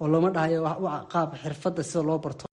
oo looma dhahayo qaab xirfadda sida loo barto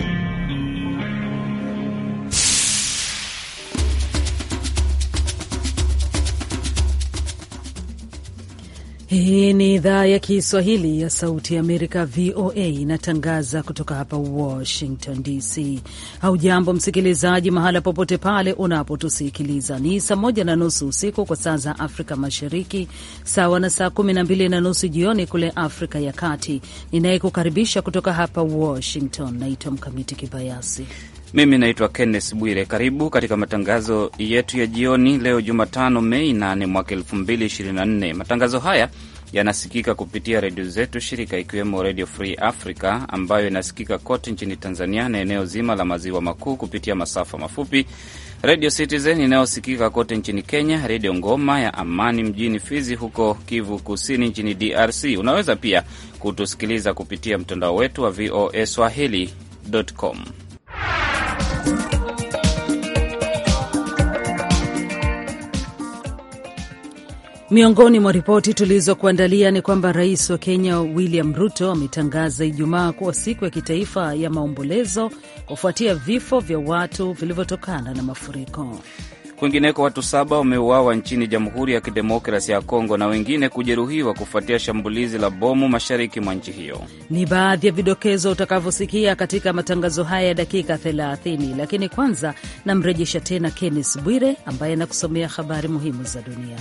Hii ni idhaa ya Kiswahili ya Sauti ya Amerika, VOA, inatangaza kutoka hapa Washington DC. Haujambo msikilizaji, mahala popote pale unapotusikiliza. Ni saa moja na nusu usiku kwa saa za Afrika Mashariki, sawa na saa kumi na mbili na nusu jioni kule Afrika ya Kati. Ninayekukaribisha kutoka hapa Washington naitwa Mkamiti Kibayasi mimi naitwa Kenneth Bwire. Karibu katika matangazo yetu ya jioni leo Jumatano, Mei 8 mwaka 2024. Matangazo haya yanasikika kupitia redio zetu shirika ikiwemo Redio Free Africa ambayo inasikika kote nchini Tanzania na eneo zima la maziwa makuu kupitia masafa mafupi, Redio Citizen inayosikika kote nchini Kenya, Redio Ngoma ya Amani mjini Fizi huko Kivu Kusini nchini DRC. Unaweza pia kutusikiliza kupitia mtandao wetu wa VOA Swahili.com. Miongoni mwa ripoti tulizokuandalia ni kwamba rais wa Kenya William Ruto ametangaza Ijumaa kuwa siku ya kitaifa ya maombolezo kufuatia vifo vya watu vilivyotokana na mafuriko. Kwingineko, watu saba wameuawa nchini Jamhuri ya Kidemokrasi ya Kongo na wengine kujeruhiwa kufuatia shambulizi la bomu mashariki mwa nchi hiyo. Ni baadhi ya vidokezo utakavyosikia katika matangazo haya ya dakika 30, lakini kwanza namrejesha tena Kennes Bwire ambaye anakusomea habari muhimu za dunia.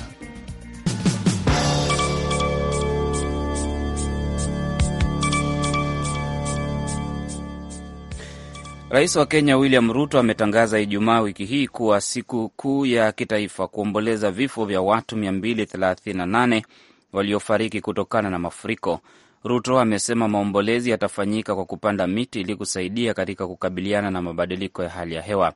Rais wa Kenya William Ruto ametangaza Ijumaa wiki hii kuwa siku kuu ya kitaifa kuomboleza vifo vya watu 238 waliofariki kutokana na mafuriko. Ruto amesema maombolezi yatafanyika kwa kupanda miti ili kusaidia katika kukabiliana na mabadiliko ya hali ya hewa.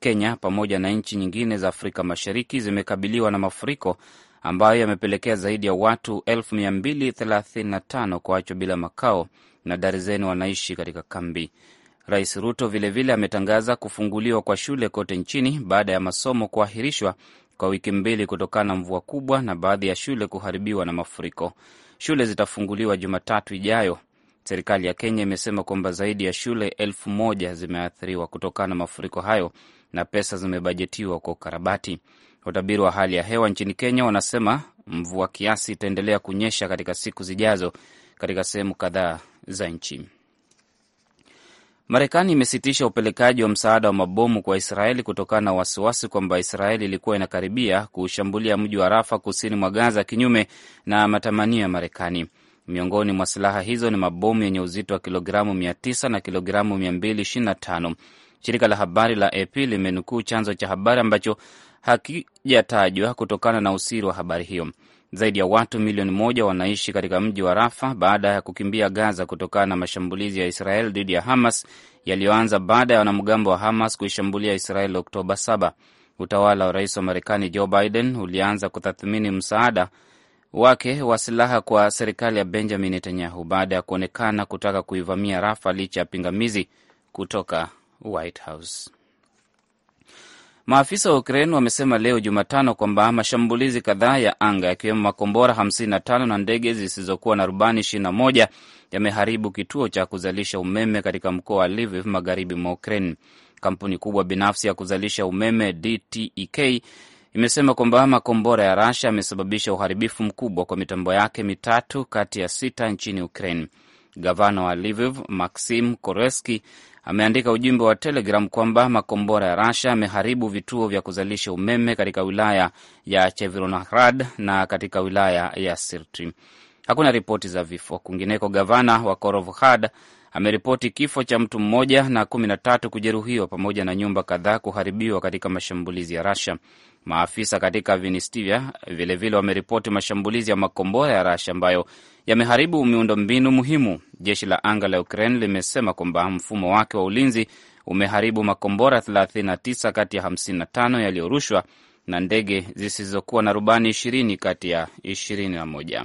Kenya pamoja na nchi nyingine za Afrika Mashariki zimekabiliwa na mafuriko ambayo yamepelekea zaidi ya watu 235 kuachwa bila makao na darizeni wanaishi katika kambi. Rais Ruto vilevile ametangaza kufunguliwa kwa shule kote nchini baada ya masomo kuahirishwa kwa wiki mbili kutokana na mvua kubwa na baadhi ya shule kuharibiwa na mafuriko. Shule zitafunguliwa Jumatatu ijayo. Serikali ya Kenya imesema kwamba zaidi ya shule elfu moja zimeathiriwa kutokana na mafuriko hayo na pesa zimebajetiwa kwa ukarabati. Watabiri wa hali ya hewa nchini Kenya wanasema mvua kiasi itaendelea kunyesha katika siku zijazo katika sehemu kadhaa za nchi. Marekani imesitisha upelekaji wa msaada wa mabomu kwa Israeli kutokana na wasiwasi kwamba Israeli ilikuwa inakaribia kuushambulia mji wa Rafa kusini mwa Gaza, kinyume na matamanio ya Marekani. Miongoni mwa silaha hizo ni mabomu yenye uzito wa kilogramu 900 na kilogramu 225. Shirika la habari la AP limenukuu chanzo cha habari ambacho hakijatajwa kutokana na usiri wa habari hiyo. Zaidi ya watu milioni moja wanaishi katika mji wa Rafa baada ya kukimbia Gaza kutokana na mashambulizi ya Israel dhidi ya Hamas yaliyoanza baada ya wanamgambo wa Hamas kuishambulia Israel Oktoba 7. Utawala wa rais wa Marekani Joe Biden ulianza kutathmini msaada wake wa silaha kwa serikali ya Benjamin Netanyahu baada ya kuonekana kutaka kuivamia Rafa licha ya pingamizi kutoka White House. Maafisa wa Ukraine wamesema leo Jumatano kwamba mashambulizi kadhaa ya anga yakiwemo makombora 55 na ndege zisizokuwa na rubani 21 yameharibu kituo cha kuzalisha umeme katika mkoa wa Lviv magharibi mwa Ukraine. Kampuni kubwa binafsi ya kuzalisha umeme DTEK imesema kwamba makombora ya Rasha yamesababisha uharibifu mkubwa kwa mitambo yake mitatu kati ya sita nchini Ukraine. Gavana wa Lviv Maxim Koreski ameandika ujumbe wa Telegram kwamba makombora ya Rasha yameharibu vituo vya kuzalisha umeme katika wilaya ya Chevronahrad na katika wilaya ya Sirtri. Hakuna ripoti za vifo. Kwingineko, gavana wa Korovhad ameripoti kifo cha mtu mmoja na kumi na tatu kujeruhiwa pamoja na nyumba kadhaa kuharibiwa katika mashambulizi ya Rasha. Maafisa katika Vinistivia vilevile wameripoti mashambulizi ya makombora ya rasha ambayo yameharibu miundo mbinu muhimu. Jeshi la anga la Ukraine limesema kwamba mfumo wake wa ulinzi umeharibu makombora 39 kati ya 55 yaliyorushwa na ndege zisizokuwa na rubani 20 kati ya 21.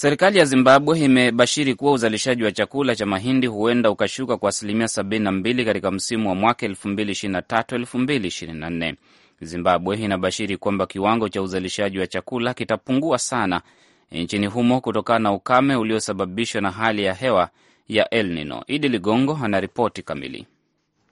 Serikali ya Zimbabwe imebashiri kuwa uzalishaji wa chakula cha mahindi huenda ukashuka kwa asilimia 72 katika msimu wa mwaka 2023/2024. Zimbabwe inabashiri kwamba kiwango cha uzalishaji wa chakula kitapungua sana nchini humo kutokana na ukame uliosababishwa na hali ya hewa ya El Nino. Idi Ligongo anaripoti kamili.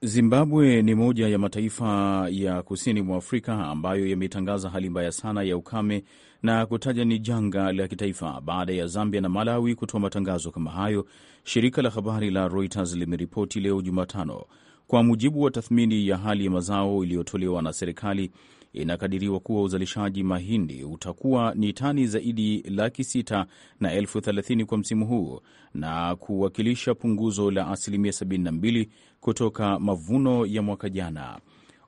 Zimbabwe ni moja ya mataifa ya kusini mwa Afrika ambayo yametangaza hali mbaya sana ya ukame na kutaja ni janga la kitaifa baada ya Zambia na Malawi kutoa matangazo kama hayo, shirika la habari la Reuters limeripoti leo Jumatano. Kwa mujibu wa tathmini ya hali ya mazao iliyotolewa na serikali, inakadiriwa kuwa uzalishaji mahindi utakuwa ni tani zaidi laki sita na elfu thelathini kwa msimu huu na kuwakilisha punguzo la asilimia 72 kutoka mavuno ya mwaka jana.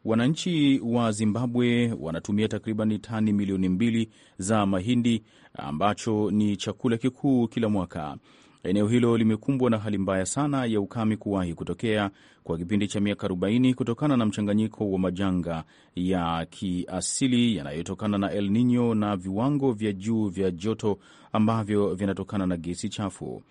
Wananchi wa Zimbabwe wanatumia takriban tani milioni mbili za mahindi ambacho ni chakula kikuu kila mwaka. Eneo hilo limekumbwa na hali mbaya sana ya ukame kuwahi kutokea kwa kipindi cha miaka 40 kutokana na mchanganyiko wa majanga ya kiasili yanayotokana na El Nino na viwango vya juu vya joto ambavyo vinatokana na gesi chafu.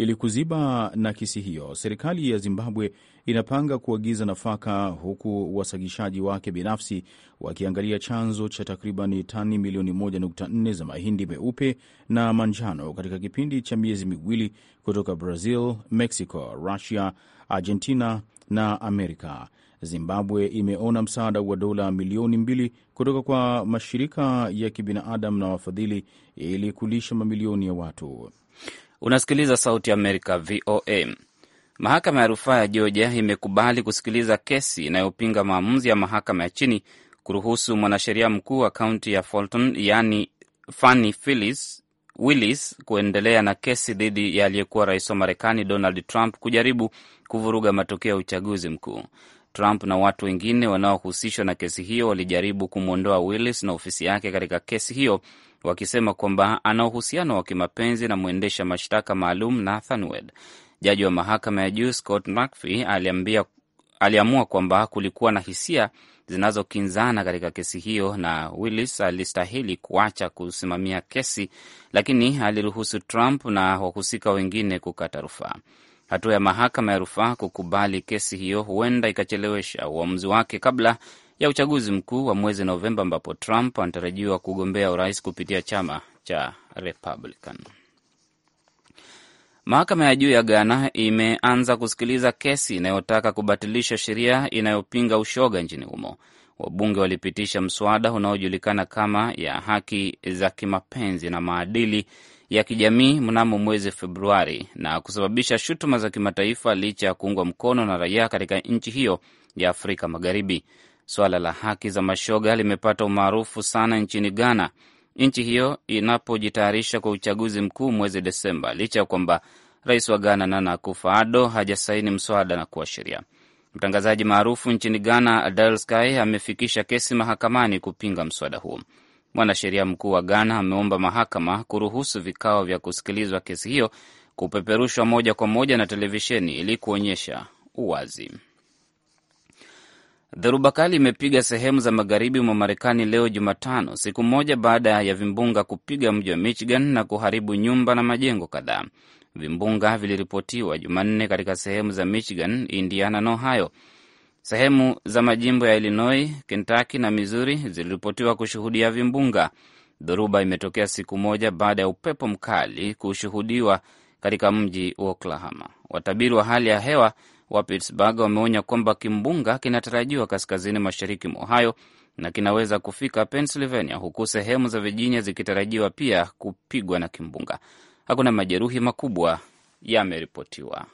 Ili kuziba nakisi hiyo, serikali ya Zimbabwe inapanga kuagiza nafaka, huku wasagishaji wake binafsi wakiangalia chanzo cha takriban tani milioni 1.4 za mahindi meupe na manjano katika kipindi cha miezi miwili kutoka Brazil, Mexico, Russia, Argentina na Amerika. Zimbabwe imeona msaada wa dola milioni mbili kutoka kwa mashirika ya kibinadamu na wafadhili ili kulisha mamilioni ya watu. Unasikiliza Sauti ya Amerika, VOA. Mahakama ya rufaa ya Georgia imekubali kusikiliza kesi inayopinga maamuzi ya mahakama ya chini kuruhusu mwanasheria mkuu wa kaunti ya Fulton yani Fani Phillis Willis kuendelea na kesi dhidi ya aliyekuwa rais wa Marekani Donald Trump kujaribu kuvuruga matokeo ya uchaguzi mkuu. Trump na watu wengine wanaohusishwa na kesi hiyo walijaribu kumwondoa Willis na ofisi yake katika kesi hiyo wakisema kwamba ana uhusiano wa kimapenzi na mwendesha mashtaka maalum Nathan Jaji wa mahakama ya juu Scott McAfee aliambia aliamua kwamba kulikuwa na hisia zinazokinzana katika kesi hiyo na Willis alistahili kuacha kusimamia kesi, lakini aliruhusu Trump na wahusika wengine kukata rufaa. Hatua ya mahakama ya rufaa kukubali kesi hiyo huenda ikachelewesha uamuzi wake kabla ya uchaguzi mkuu wa mwezi Novemba, ambapo Trump anatarajiwa kugombea urais kupitia chama cha Republican. Mahakama ya juu ya Ghana imeanza kusikiliza kesi inayotaka kubatilisha sheria inayopinga ushoga nchini humo. Wabunge walipitisha mswada unaojulikana kama ya haki za kimapenzi na maadili ya kijamii mnamo mwezi Februari na kusababisha shutuma za kimataifa licha ya kuungwa mkono na raia katika nchi hiyo ya Afrika Magharibi. Suala la haki za mashoga limepata umaarufu sana nchini Ghana, nchi hiyo inapojitayarisha kwa uchaguzi mkuu mwezi Desemba, licha ya kwamba rais wa Ghana Nana Akufo-Addo hajasaini mswada na kuwa sheria. Mtangazaji maarufu nchini Ghana Adil Sky amefikisha kesi mahakamani kupinga mswada huo. Mwanasheria mkuu wa Ghana ameomba mahakama kuruhusu vikao vya kusikilizwa kesi hiyo kupeperushwa moja kwa moja na televisheni ili kuonyesha uwazi. Dhoruba kali imepiga sehemu za magharibi mwa Marekani leo Jumatano, siku moja baada ya vimbunga kupiga mji wa Michigan na kuharibu nyumba na majengo kadhaa. Vimbunga viliripotiwa Jumanne katika sehemu za Michigan, Indiana na Ohio. Sehemu za majimbo ya Illinois, Kentucky na Missouri ziliripotiwa kushuhudia vimbunga. Dhoruba imetokea siku moja baada ya upepo mkali kushuhudiwa katika mji wa Oklahoma. Watabiri wa hali ya hewa wa Pittsburgh wameonya kwamba kimbunga kinatarajiwa kaskazini mashariki mwa Ohio na kinaweza kufika Pennsylvania, huku sehemu za Virginia zikitarajiwa pia kupigwa na kimbunga. Hakuna majeruhi makubwa yameripotiwa.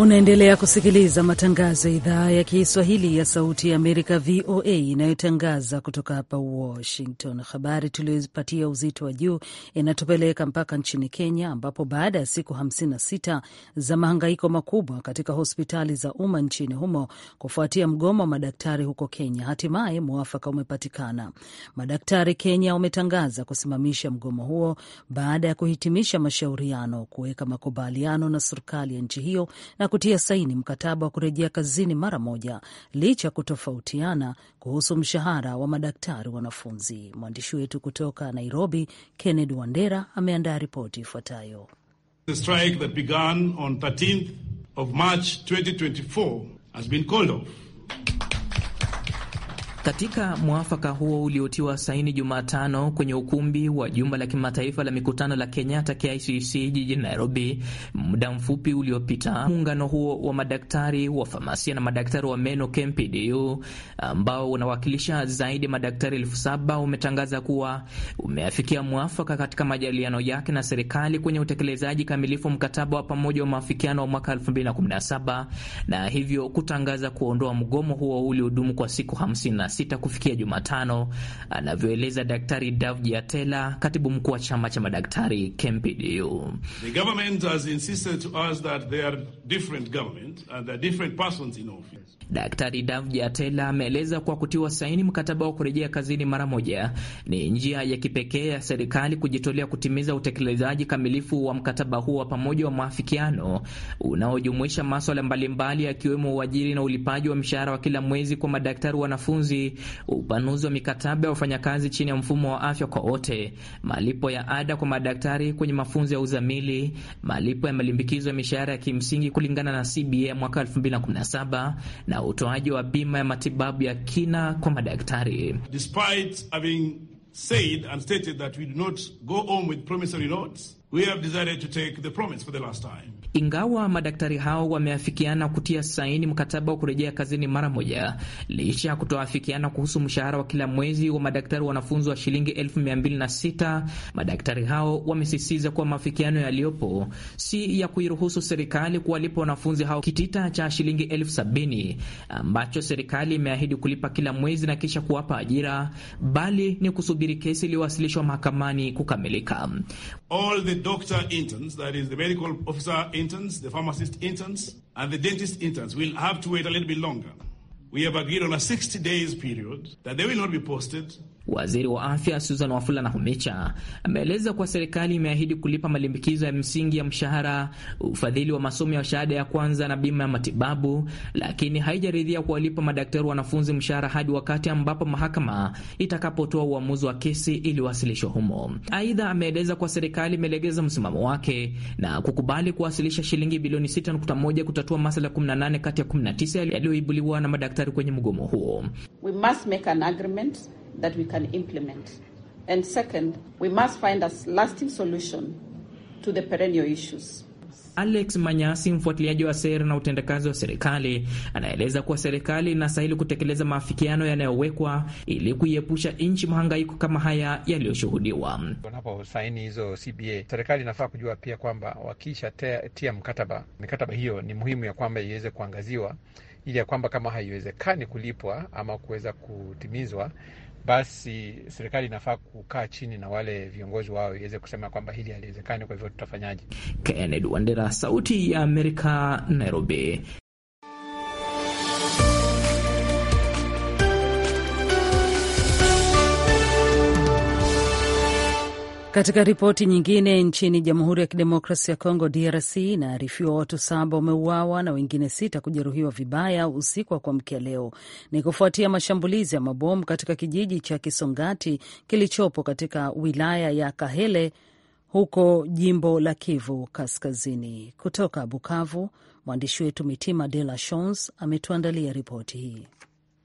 Unaendelea kusikiliza matangazo ya idhaa ya Kiswahili ya Sauti ya Amerika, VOA, inayotangaza kutoka hapa Washington. Habari tuliyopatia uzito wa juu inatupeleka mpaka nchini Kenya, ambapo baada ya siku 56 za mahangaiko makubwa katika hospitali za umma nchini humo kufuatia mgomo wa madaktari huko Kenya, hatimaye mwafaka umepatikana. Madaktari Kenya wametangaza kusimamisha mgomo huo baada ya kuhitimisha mashauriano, kuweka makubaliano na serikali ya nchi hiyo na kutia saini mkataba wa kurejea kazini mara moja licha ya kutofautiana kuhusu mshahara wa madaktari wanafunzi. Mwandishi wetu kutoka Nairobi, Kennedy Wandera, ameandaa ripoti ifuatayo. Katika mwafaka huo uliotiwa saini Jumatano kwenye ukumbi wa jumba la kimataifa la mikutano la Kenyatta KICC jijini Nairobi, muda mfupi uliopita, muungano huo wa madaktari wa famasia na madaktari wa meno KMPDU, ambao unawakilisha zaidi ya madaktari elfu saba umetangaza kuwa umeafikia mwafaka katika majadiliano yake na serikali kwenye utekelezaji kamilifu mkataba wa pamoja wa maafikiano wa mwaka 2017 na hivyo kutangaza kuondoa mgomo huo uliodumu kwa siku 50 sita kufikia Jumatano, anavyoeleza Daktari Dav atela katibu mkuu wa chama cha madaktari KMPDU. Daktari Dav atela ameeleza kuwa kutiwa saini mkataba wa kurejea kazini mara moja ni njia ya kipekee ya serikali kujitolea kutimiza utekelezaji kamilifu wa mkataba huo wa pamoja wa maafikiano unaojumuisha maswala mbalimbali yakiwemo uajiri na ulipaji wa mshahara wa kila mwezi kwa madaktari wanafunzi kazi, upanuzi wa mikataba ya wafanyakazi chini ya mfumo wa afya kwa wote, malipo ya ada kwa madaktari kwenye mafunzo ya uzamili, malipo ya malimbikizo ya mishahara ya kimsingi kulingana na CBA mwaka 2017 na utoaji wa bima ya matibabu ya kina kwa madaktari. Despite having said and stated that we do not go with promissory notes, we have decided to take the promise for the last time. Ingawa madaktari hao wameafikiana kutia saini mkataba wa kurejea kazini mara moja, licha ya kutoafikiana kuhusu mshahara wa kila mwezi wa madaktari wanafunzi wa shilingi elfu mia mbili na sita, madaktari hao wamesisitiza kuwa maafikiano yaliyopo si ya kuiruhusu serikali kuwalipa wanafunzi hao kitita cha shilingi elfu sabini ambacho serikali imeahidi kulipa kila mwezi na kisha kuwapa ajira, bali ni kusubiri kesi iliyowasilishwa mahakamani kukamilika. All the doctor interns, that is the medical officer interns, the pharmacist interns, and the dentist interns will have to wait a little bit longer. We have agreed on a 60 days period that they will not be posted Waziri wa afya Susan Wafula Nahumicha ameeleza kuwa serikali imeahidi kulipa malimbikizo ya msingi ya mshahara, ufadhili wa masomo ya shahada ya kwanza na bima ya matibabu, lakini haijaridhia kuwalipa madaktari wanafunzi mshahara hadi wakati ambapo mahakama itakapotoa uamuzi wa kesi iliyowasilishwa humo. Aidha, ameeleza kuwa serikali imelegeza msimamo wake na kukubali kuwasilisha shilingi bilioni 6.1 kutatua masala 18 kati ya 19 yaliyoibuliwa na madaktari kwenye mgomo huo. We must make an agreement that we can implement. And second, we must find a lasting solution to the perennial issues. Alex Manyasi, mfuatiliaji wa sera na utendakazi wa serikali, anaeleza kuwa serikali inastahili kutekeleza maafikiano yanayowekwa ili kuiepusha nchi mahangaiko kama haya yaliyoshuhudiwa. Wanaposaini hizo CBA, serikali inafaa kujua pia kwamba wakisha tia, tia mkataba, mikataba hiyo ni muhimu ya kwamba iweze kuangaziwa ili ya kwamba kama haiwezekani kulipwa ama kuweza kutimizwa basi serikali inafaa kukaa chini na wale viongozi wao iweze kusema kwamba hili haliwezekani, kwa hivyo tutafanyaje? Kennedy Wandera, Sauti ya Amerika, Nairobi. Katika ripoti nyingine, nchini Jamhuri ya Kidemokrasi ya Kongo DRC, inaarifiwa watu saba wameuawa na wengine sita kujeruhiwa vibaya usiku wa kuamkia leo. Ni kufuatia mashambulizi ya mabomu katika kijiji cha Kisongati kilichopo katika wilaya ya Kahele huko jimbo la Kivu Kaskazini. Kutoka Bukavu, mwandishi wetu Mitima De La Shons ametuandalia ripoti hii.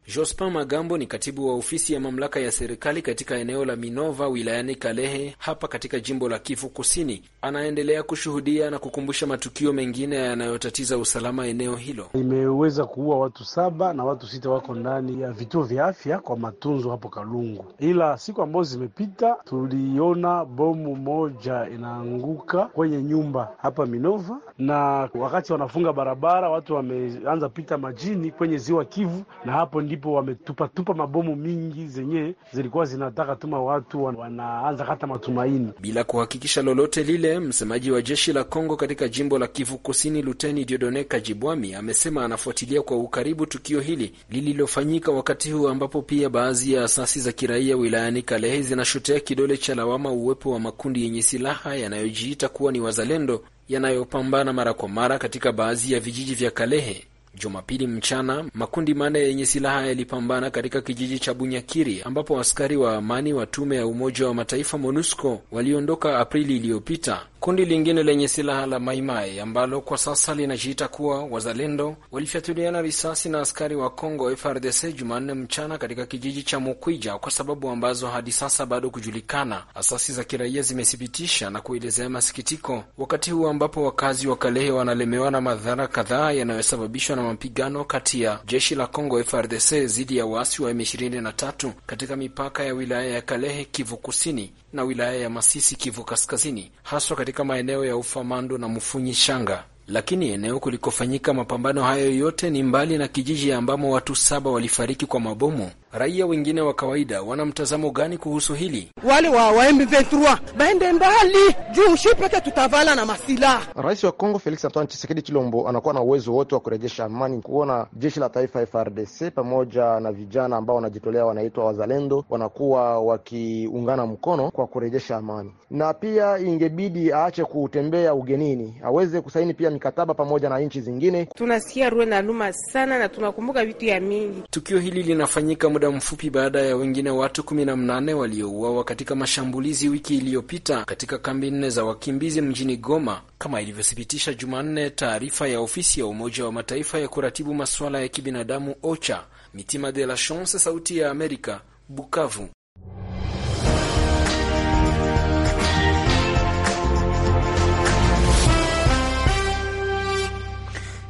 Jospin Magambo ni katibu wa ofisi ya mamlaka ya serikali katika eneo la Minova wilayani Kalehe hapa katika jimbo la Kivu Kusini. Anaendelea kushuhudia na kukumbusha matukio mengine yanayotatiza usalama eneo hilo. Imeweza kuua watu saba na watu sita wako ndani ya vituo vya afya kwa matunzo hapo Kalungu, ila siku ambazo zimepita tuliona bomu moja inaanguka kwenye nyumba hapa Minova, na wakati wanafunga barabara watu wameanza pita majini kwenye ziwa Kivu na hapo ndi ndipo wametupatupa mabomu mingi zenye zilikuwa zinataka tuma watu wanaanza hata matumaini bila kuhakikisha lolote lile. Msemaji wa jeshi la Kongo katika jimbo la Kivu Kusini, Luteni Diodone Kajibwami, amesema anafuatilia kwa ukaribu tukio hili lililofanyika wakati huu ambapo pia baadhi ya asasi za kiraia wilayani Kalehe zinashotea kidole cha lawama uwepo wa makundi yenye silaha yanayojiita kuwa ni wazalendo yanayopambana mara kwa mara katika baadhi ya vijiji vya Kalehe. Jumapili mchana makundi manne yenye silaha yalipambana katika kijiji cha Bunyakiri ambapo askari wa amani wa tume ya Umoja wa Mataifa MONUSCO waliondoka Aprili iliyopita Kundi lingine lenye silaha la Maimai ambalo kwa sasa linajiita kuwa Wazalendo walifyatuliana risasi na askari wa Congo FRDC Jumanne mchana katika kijiji cha Mukwija kwa sababu ambazo hadi sasa bado kujulikana. Asasi za kiraia zimethibitisha na kuelezea masikitiko, wakati huo ambapo wakazi wa Kalehe wanalemewa na madhara kadhaa yanayosababishwa na mapigano kati ya jeshi la Congo FRDC dhidi ya waasi wa M23 katika mipaka ya wilaya ya Kalehe, Kivu Kusini na wilaya ya Masisi, Kivu Kaskazini, haswa katika maeneo ya Ufamando na Mfunyi Shanga. Lakini eneo kulikofanyika mapambano hayo yote ni mbali na kijiji ambamo watu saba walifariki kwa mabomu Raia wengine wa kawaida wana mtazamo gani kuhusu hili? Wale wa, wa M23 baende mbali juu shi peke tutavala na masila. Rais wa Kongo Felix Antoine chisekedi Chilombo anakuwa na uwezo wote wa kurejesha amani, kuona jeshi la taifa FRDC pamoja na vijana ambao wanajitolea wanaitwa wazalendo wanakuwa wakiungana mkono kwa kurejesha amani, na pia ingebidi aache kutembea ugenini, aweze kusaini pia mikataba pamoja na nchi zingine. Tunasikia rue na luma sana na tunakumbuka vitu ya mingi. Tukio hili linafanyika muda mfupi baada ya wengine watu 18 waliouawa katika mashambulizi wiki iliyopita katika kambi nne za wakimbizi mjini Goma, kama ilivyothibitisha Jumanne taarifa ya ofisi ya Umoja wa Mataifa ya kuratibu masuala ya kibinadamu OCHA. Mitima de la Chance, Sauti ya Amerika, Bukavu.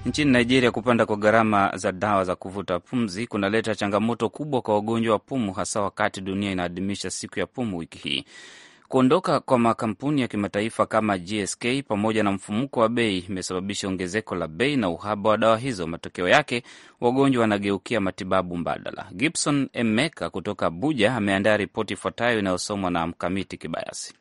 Nchini Nigeria, kupanda kwa gharama za dawa za kuvuta pumzi kunaleta changamoto kubwa kwa wagonjwa wa pumu, hasa wakati dunia inaadhimisha siku ya pumu wiki hii. Kuondoka kwa makampuni ya kimataifa kama GSK pamoja na mfumuko wa bei imesababisha ongezeko la bei na uhaba wa dawa hizo. Matokeo yake wagonjwa wanageukia matibabu mbadala. Gibson Emeka kutoka Abuja ameandaa ripoti ifuatayo inayosomwa na Mkamiti Kibayasi.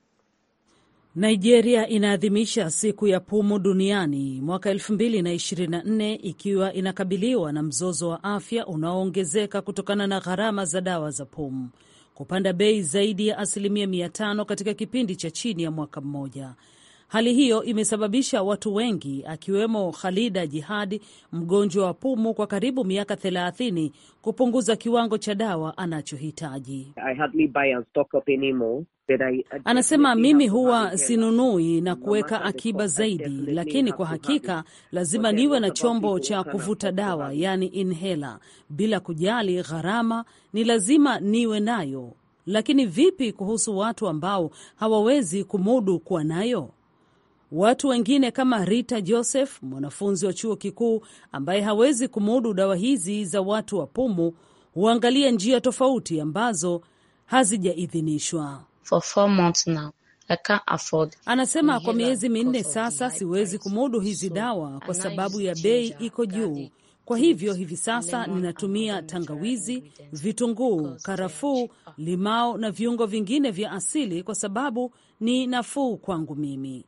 Nigeria inaadhimisha siku ya pumu duniani mwaka 2024 ikiwa inakabiliwa na mzozo wa afya unaoongezeka kutokana na gharama za dawa za pumu kupanda bei zaidi ya asilimia 500 katika kipindi cha chini ya mwaka mmoja. Hali hiyo imesababisha watu wengi akiwemo Khalida Jihadi, mgonjwa wa pumu kwa karibu miaka thelathini, kupunguza kiwango cha dawa anachohitaji. Anasema, mimi huwa sinunui na kuweka akiba zaidi, lakini kwa hakika lazima niwe na chombo cha kuvuta dawa, yani inhela. Bila kujali gharama, ni lazima niwe nayo. Lakini vipi kuhusu watu ambao hawawezi kumudu kuwa nayo? Watu wengine kama Rita Joseph, mwanafunzi wa chuo kikuu ambaye hawezi kumudu dawa hizi za watu wa pumu, huangalia njia tofauti ambazo hazijaidhinishwa. Anasema kwa miezi minne sasa siwezi kumudu hizi dawa kwa sababu ya bei iko juu. Kwa hivyo hivi sasa ninatumia tangawizi, vitunguu, karafuu, limao na viungo vingine vya asili kwa sababu ni nafuu kwangu mimi.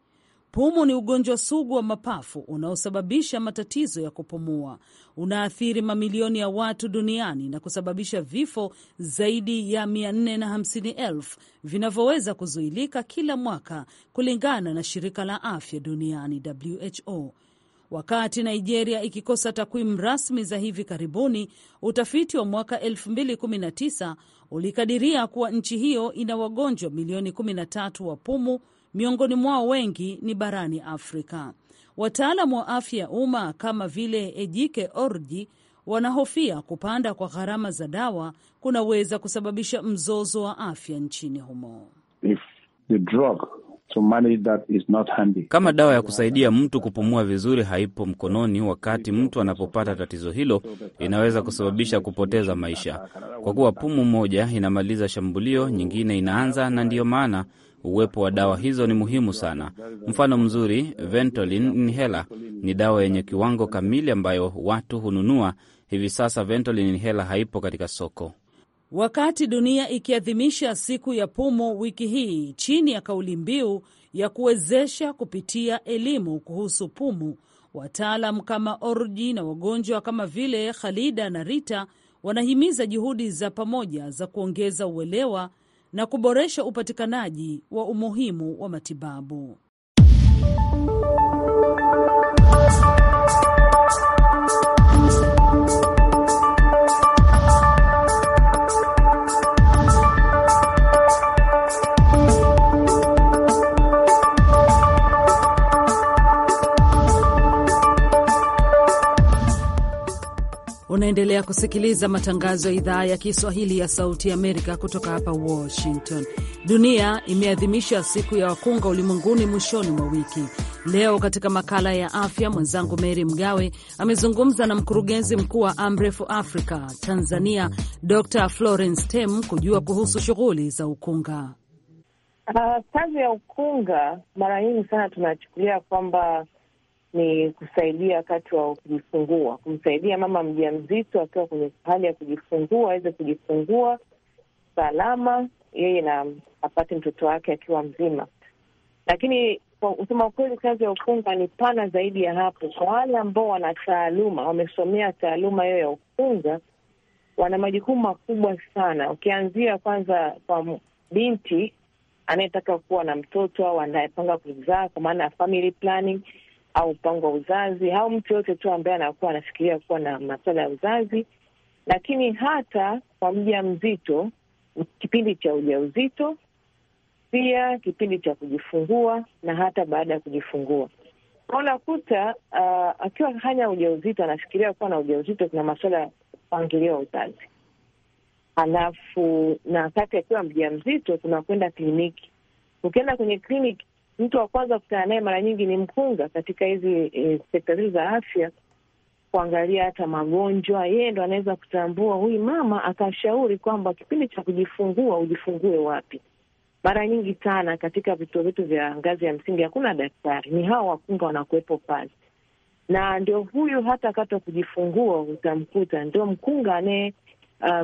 Pumu ni ugonjwa sugu wa mapafu unaosababisha matatizo ya kupumua. Unaathiri mamilioni ya watu duniani na kusababisha vifo zaidi ya 450,000 vinavyoweza kuzuilika kila mwaka, kulingana na shirika la afya duniani WHO. Wakati Nigeria ikikosa takwimu rasmi za hivi karibuni, utafiti wa mwaka 2019 ulikadiria kuwa nchi hiyo ina wagonjwa milioni 13 wa pumu miongoni mwao wengi ni barani Afrika. Wataalamu wa afya ya umma kama vile Ejike Orji wanahofia kupanda kwa gharama za dawa kunaweza kusababisha mzozo wa afya nchini humo. If the drug kama dawa ya kusaidia mtu kupumua vizuri haipo mkononi wakati mtu anapopata tatizo hilo, inaweza kusababisha kupoteza maisha, kwa kuwa pumu moja inamaliza shambulio, nyingine inaanza, na ndiyo maana Uwepo wa dawa hizo ni muhimu sana. Mfano mzuri, Ventolin inhaler ni dawa yenye kiwango kamili ambayo watu hununua. Hivi sasa Ventolin inhaler haipo katika soko. Wakati dunia ikiadhimisha siku ya pumu wiki hii chini ya kauli mbiu ya kuwezesha kupitia elimu kuhusu pumu, wataalam kama orji na wagonjwa kama vile Khalida na Rita wanahimiza juhudi za pamoja za kuongeza uelewa na kuboresha upatikanaji wa umuhimu wa matibabu. kusikiliza matangazo ya idhaa ya Kiswahili ya Sauti Amerika kutoka hapa Washington. Dunia imeadhimisha siku ya wakunga ulimwenguni mwishoni mwa wiki. Leo katika makala ya afya, mwenzangu Mary Mgawe amezungumza na mkurugenzi mkuu wa Amref Africa Tanzania, Dr Florence Tem kujua kuhusu shughuli za ukunga. Uh, kazi ya ukunga mara nyingi sana tunachukulia kwamba ni kusaidia wakati wa kujifungua, kumsaidia mama mja mzito akiwa kwenye hali ya kujifungua aweze kujifungua salama, yeye na apate mtoto wake akiwa mzima. Lakini kusema kweli, kazi ya ukunga ni pana zaidi ya hapo. Kwa wale ambao wana taaluma, wamesomea taaluma hiyo ya ukunga, wana majukumu makubwa sana, ukianzia kwanza kwa binti anayetaka kuwa na mtoto au anayepanga kuzaa, kwa maana ya family planning au mpango wa uzazi au mtu yoyote tu ambaye anakuwa anafikiria kuwa na masuala ya uzazi, lakini hata kwa mja mzito, kipindi cha ujauzito, pia kipindi cha kujifungua na hata baada ya kujifungua. Unakuta uh, akiwa hanya ujauzito, anafikiria kuwa na ujauzito, kuna masuala ya mpangilio wa uzazi alafu na wakati akiwa mja mzito tunakwenda kliniki. Ukienda kwenye kliniki mtu wa kwanza kukutana naye mara nyingi ni mkunga katika hizi e, sekta zile za afya, kuangalia hata magonjwa. Yeye ndo anaweza kutambua huyu mama, akashauri kwamba kipindi cha kujifungua ujifungue wapi. Mara nyingi sana katika vituo vyetu vya ngazi ya msingi hakuna daktari, ni hawa wakunga wanakuwepo pale, na ndio huyu, hata wakati wa kujifungua utamkuta ndio mkunga anaye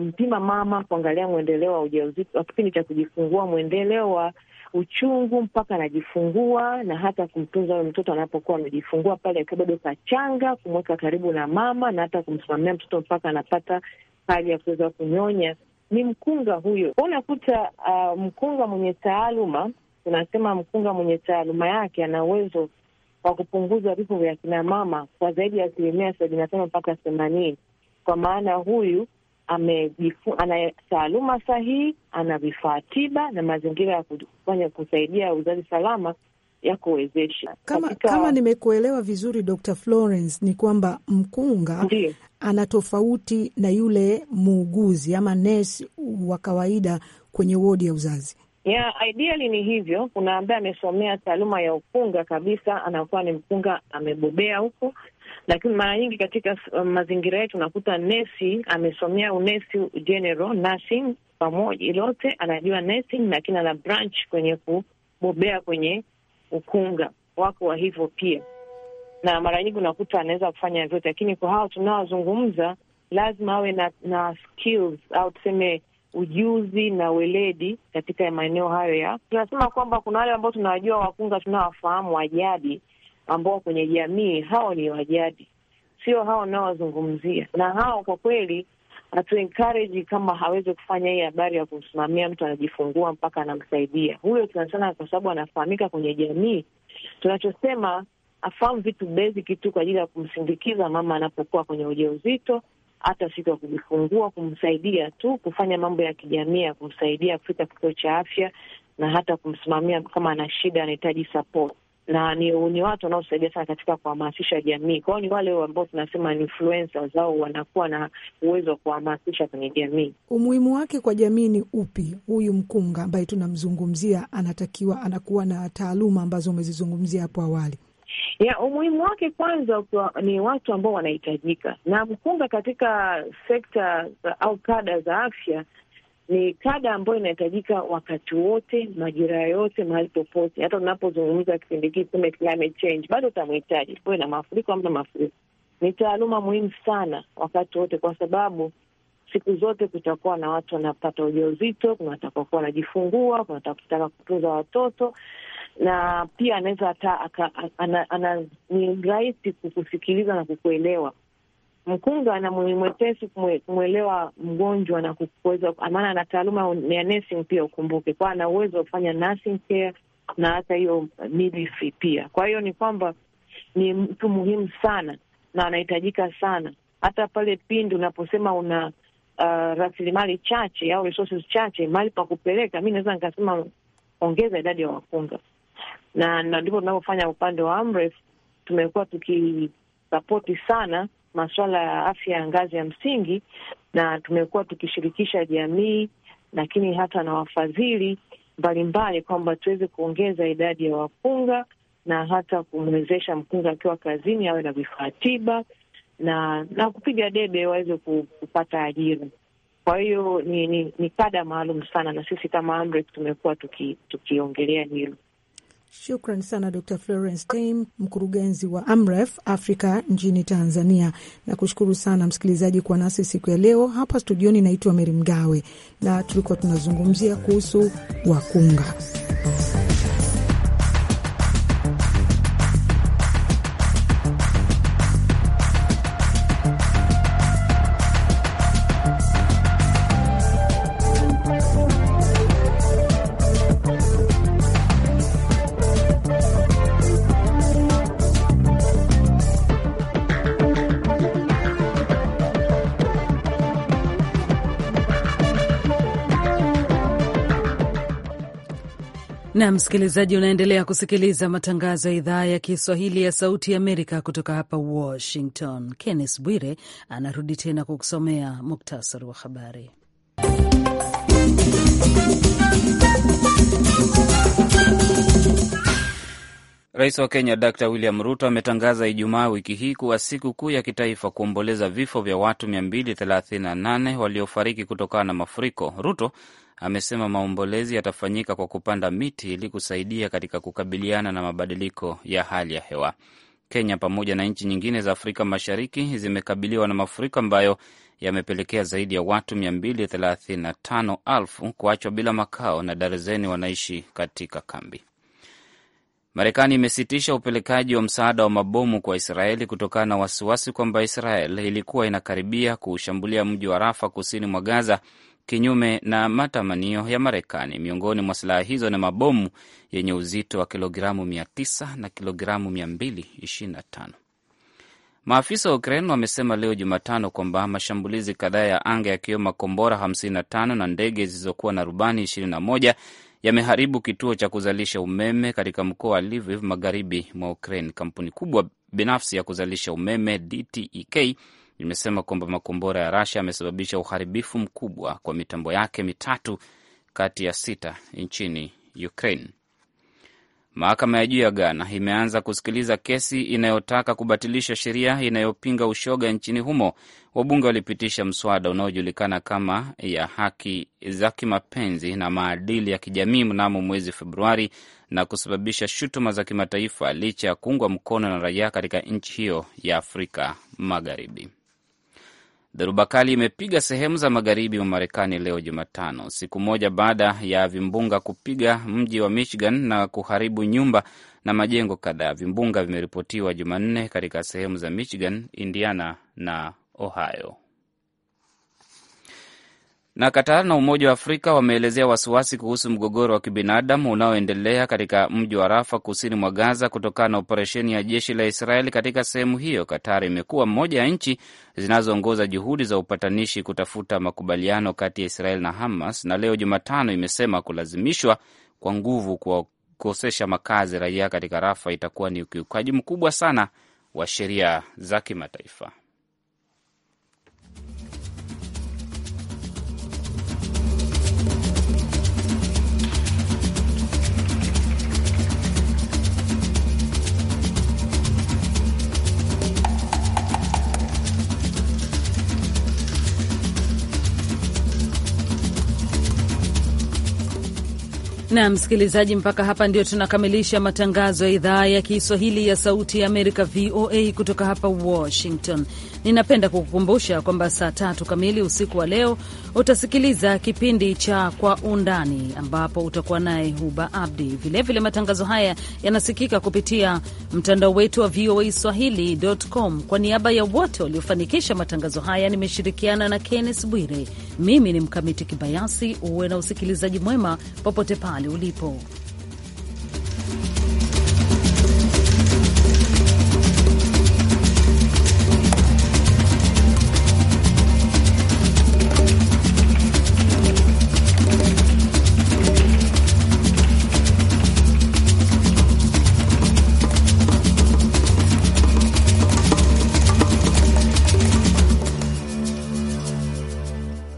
mpima um, mama kuangalia mwendeleo wa ujauzito, kipindi cha kujifungua, mwendeleo wa uchungu mpaka anajifungua, na hata kumtunza ule mtoto anapokuwa amejifungua pale akiwa bado kachanga, kumweka karibu na mama na hata kumsimamia mtoto mpaka anapata hali ya kuweza kunyonya, ni mkunga huyo. Unakuta uh, mkunga mwenye taaluma, tunasema mkunga mwenye taaluma yake ana uwezo wa kupunguza vifo vya kina mama kwa zaidi ya asilimia sabini na tano mpaka themanini. Kwa maana huyu ana taaluma sahihi, ana vifaa tiba na mazingira ya kufanya kusaidia uzazi salama ya kuwezesha. Kama, katika... kama nimekuelewa vizuri Dr. Florence, ni kwamba mkunga ana tofauti na yule muuguzi ama nesi wa kawaida kwenye wodi ya uzazi. Yeah, ideally ni hivyo. Kuna ambaye amesomea taaluma ya ukunga kabisa, anakuwa ni mkunga amebobea huko, lakini mara nyingi katika um, mazingira yetu unakuta nesi amesomea unesi general nursing pamoja, lote anajua nursing, lakini ana branch kwenye kubobea kwenye ukunga wako wa hivyo pia, na mara nyingi unakuta anaweza kufanya vyote, lakini kwa hao tunaozungumza lazima awe na, na skills au tuseme ujuzi na weledi katika maeneo hayo ya tunasema kwamba kuna wale ambao tunawajua wakunga tunawafahamu wajadi, ambao kwenye jamii hao ni wajadi, sio hao wanaowazungumzia. Na hao kwa kweli hatu encourage kama hawezi kufanya hii habari ya kumsimamia mtu anajifungua mpaka anamsaidia huyo, tunasema kwa sababu anafahamika kwenye jamii. Tunachosema afahamu vitu basic tu kwa ajili ya kumsindikiza mama anapokuwa kwenye ujauzito, hata siku ya kujifungua, kumsaidia tu kufanya mambo ya kijamii ya kumsaidia kufika kituo cha afya na hata kumsimamia kama ana shida, anahitaji support na ni, ni watu wanaosaidia sana katika kuhamasisha jamii. Kwa hiyo ni wale ambao tunasema ni influencers au wanakuwa na uwezo wa kuhamasisha kwenye jamii. Umuhimu wake kwa jamii ni upi? Huyu mkunga ambaye tunamzungumzia anatakiwa anakuwa na taaluma ambazo umezizungumzia hapo awali. Ya, umuhimu wake kwanza ni watu ambao wanahitajika, na mkunga katika sekta au kada za afya ni kada ambayo inahitajika wakati wote, majira yote, mahali popote. Hata unapozungumza kipindi hiki tuseme climate change, bado utamhitaji, kuwe na mafuriko amna mafuriko. Ni taaluma muhimu sana wakati wote, kwa sababu siku zote kutakuwa na watu wanapata ujauzito, kuna watakuwa wanajifungua, kuna watakutaka kutunza watoto, na pia anaweza hata ana, ana, ni rahisi kukusikiliza na kukuelewa mkunga na mwepesi kumwelewa mgonjwa na kuweza, maana ana taaluma ya nursing pia, ukumbuke, kwa ana uwezo wa kufanya nursing care na hata hiyo midwifery pia. Kwa hiyo ni kwamba ni mtu muhimu sana na anahitajika sana, hata pale pindi unaposema una uh, rasilimali chache au resources chache, mahali pa kupeleka, mi naweza nikasema ongeza idadi ya wakunga, na ndipo tunavyofanya upande wa Amref. Tumekuwa tukisapoti sana masuala ya afya ya ngazi ya msingi, na tumekuwa tukishirikisha jamii, lakini hata na wafadhili mbalimbali, kwamba tuweze kuongeza idadi ya wakunga na hata kumwezesha mkunga akiwa kazini awe na vifaa tiba na na kupiga debe waweze kupata ajira. Kwa hiyo ni, ni, ni kada maalum sana, na sisi kama tumekuwa tukiongelea tuki hilo. Shukran sana Dr Florence tam mkurugenzi wa AMREF africa nchini Tanzania. Nakushukuru sana msikilizaji kwa nasi siku ya leo hapa studioni. Naitwa Meri Mgawe na tulikuwa tunazungumzia kuhusu wakunga. na msikilizaji, unaendelea kusikiliza matangazo ya idhaa ya Kiswahili ya Sauti ya Amerika kutoka hapa Washington. Kenneth Bwire anarudi tena kukusomea muktasari wa habari. Rais wa Kenya Dr William Ruto ametangaza Ijumaa wiki hii kuwa siku kuu ya kitaifa kuomboleza vifo vya watu 238 waliofariki kutokana na mafuriko. Ruto amesema maombolezi yatafanyika kwa kupanda miti ili kusaidia katika kukabiliana na mabadiliko ya hali ya hewa. Kenya pamoja na nchi nyingine za Afrika Mashariki zimekabiliwa na mafuriko ambayo yamepelekea zaidi ya watu 235,000 kuachwa bila makao na darzeni wanaishi katika kambi. Marekani imesitisha upelekaji wa msaada wa mabomu kwa Israeli kutokana na wasiwasi kwamba Israel ilikuwa inakaribia kuushambulia mji wa Rafa kusini mwa Gaza kinyume na matamanio ya Marekani. Miongoni mwa silaha hizo na mabomu yenye uzito wa kilogramu 900 na kilogramu 225. Maafisa wa Ukraine wamesema leo Jumatano kwamba mashambulizi kadhaa ya anga yakiwemo makombora 55 na ndege zilizokuwa na rubani 21 yameharibu kituo cha kuzalisha umeme katika mkoa wa Lviv magharibi mwa Ukraine. Kampuni kubwa binafsi ya kuzalisha umeme DTEK imesema kwamba makombora ya Russia yamesababisha uharibifu mkubwa kwa mitambo yake mitatu kati ya sita nchini Ukraine. Mahakama ya juu ya Ghana imeanza kusikiliza kesi inayotaka kubatilisha sheria inayopinga ushoga nchini humo. Wabunge walipitisha mswada unaojulikana kama ya haki za kimapenzi na maadili ya kijamii mnamo mwezi Februari na kusababisha shutuma za kimataifa licha ya kuungwa mkono na raia katika nchi hiyo ya Afrika Magharibi. Dhoruba kali imepiga sehemu za magharibi mwa Marekani leo Jumatano, siku moja baada ya vimbunga kupiga mji wa Michigan na kuharibu nyumba na majengo kadhaa. Vimbunga vimeripotiwa Jumanne katika sehemu za Michigan, Indiana na Ohio na katar na Umoja wa Afrika wameelezea wasiwasi kuhusu mgogoro wa kibinadamu unaoendelea katika mji wa Rafa kusini mwa Gaza kutokana na operesheni ya jeshi la Israeli katika sehemu hiyo. katar imekuwa moja ya nchi zinazoongoza juhudi za upatanishi kutafuta makubaliano kati ya Israeli na Hamas, na leo Jumatano imesema kulazimishwa kwa nguvu kuwakosesha makazi raia katika Rafa itakuwa ni ukiukaji mkubwa sana wa sheria za kimataifa. na msikilizaji, mpaka hapa ndio tunakamilisha matangazo ya idhaa ya Kiswahili ya Sauti ya Amerika, VOA, kutoka hapa Washington. Ninapenda kukukumbusha kwamba saa tatu kamili usiku wa leo utasikiliza kipindi cha Kwa Undani, ambapo utakuwa naye Huba Abdi. Vilevile vile matangazo haya yanasikika kupitia mtandao wetu wa VOA Swahili.com. Kwa niaba ya wote waliofanikisha matangazo haya, nimeshirikiana na Kennes Bwire. Mimi ni Mkamiti Kibayasi. Uwe na usikilizaji mwema popote pale mahali ulipo.